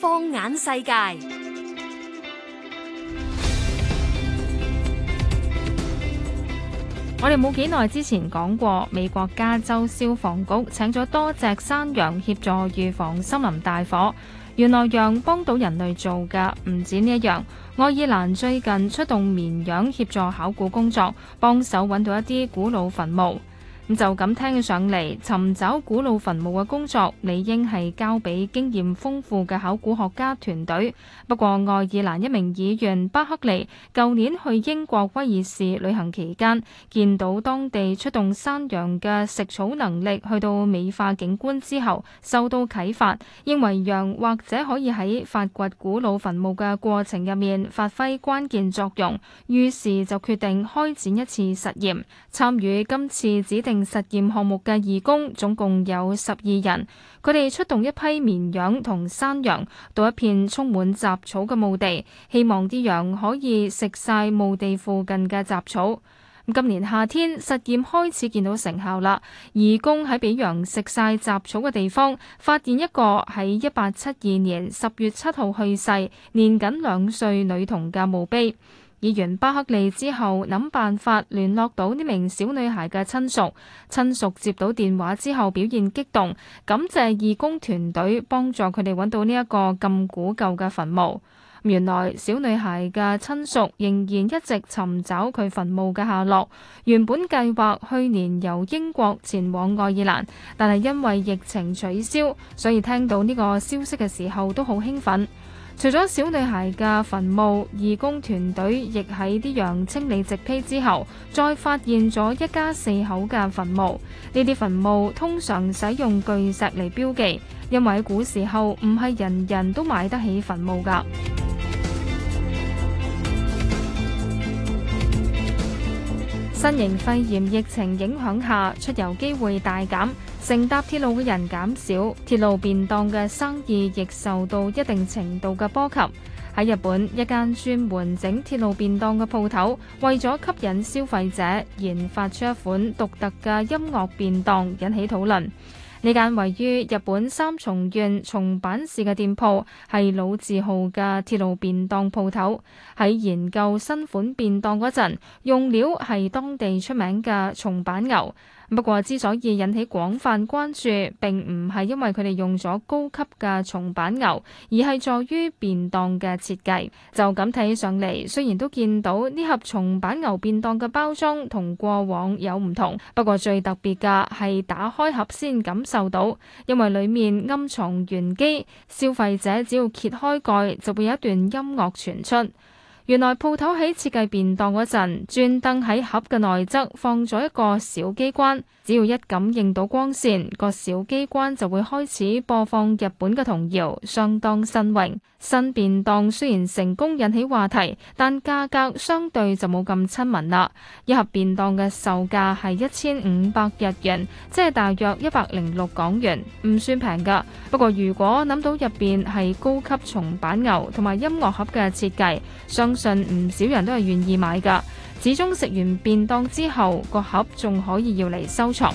放眼世界，我哋冇幾耐之前講過，美國加州消防局請咗多隻山羊協助預防森林大火。原來羊幫到人類做嘅唔止呢一樣。愛爾蘭最近出動綿羊協助考古工作，幫手揾到一啲古老墳墓。咁就咁聽上嚟，尋找古老墳墓嘅工作理應係交俾經驗豐富嘅考古學家團隊。不過愛爾蘭一名議員巴克利，舊年去英國威爾士旅行期間，見到當地出動山羊嘅食草能力去到美化景觀之後，受到啟發，認為羊或者可以喺發掘古老墳墓嘅過程入面發揮關鍵作用。於是就決定開展一次實驗，參與今次指定實驗項目嘅義工總共有十二人，佢哋出動一批綿羊同山羊到一片充滿雜草嘅墓地，希望啲羊可以食晒墓地附近嘅雜草。今年夏天實驗開始見到成效啦，義工喺俾羊食晒雜草嘅地方發現一個喺一八七二年十月七號去世、年僅兩歲女童嘅墓碑。議員巴克利之後諗辦法聯絡到呢名小女孩嘅親屬，親屬接到電話之後表現激動，感謝義工團隊幫助佢哋揾到呢一個咁古舊嘅墳墓。原來小女孩嘅親屬仍然一直尋找佢墳墓嘅下落，原本計劃去年由英國前往愛爾蘭，但係因為疫情取消，所以聽到呢個消息嘅時候都好興奮。除咗小女孩嘅墳墓，義工團隊亦喺啲羊清理植被之後，再發現咗一家四口嘅墳墓。呢啲墳墓通常使用巨石嚟標記，因為喺古時候唔係人人都買得起墳墓㗎。新型肺炎疫情影響下，出遊機會大減，乘搭鐵路嘅人減少，鐵路便當嘅生意亦受到一定程度嘅波及。喺日本，一間專門整鐵路便當嘅鋪頭，為咗吸引消費者，研發出一款獨特嘅音樂便當，引起討論。呢間位於日本三重縣松阪市嘅店鋪係老字號嘅鐵路便當鋪頭。喺研究新款便當嗰陣，用料係當地出名嘅松阪牛。不過之所以引起廣泛關注，並唔係因為佢哋用咗高級嘅松阪牛，而係在於便當嘅設計。就咁睇上嚟，雖然都見到呢盒松阪牛便當嘅包裝同過往有唔同，不過最特別嘅係打開盒先感受到，因為裏面暗藏玄機，消費者只要揭開蓋，就會有一段音樂傳出。原來鋪頭喺設計便當嗰陣，專登喺盒嘅內側放咗一個小機關，只要一感應到光線，個小機關就會開始播放日本嘅童謠，相當新穎。新便當雖然成功引起話題，但價格相對就冇咁親民啦。一盒便當嘅售價係一千五百日元，即係大約一百零六港元，唔算平噶。不過如果諗到入邊係高級松板牛同埋音樂盒嘅設計，相相信唔少人都係願意買㗎，始終食完便當之後，個盒仲可以要嚟收藏。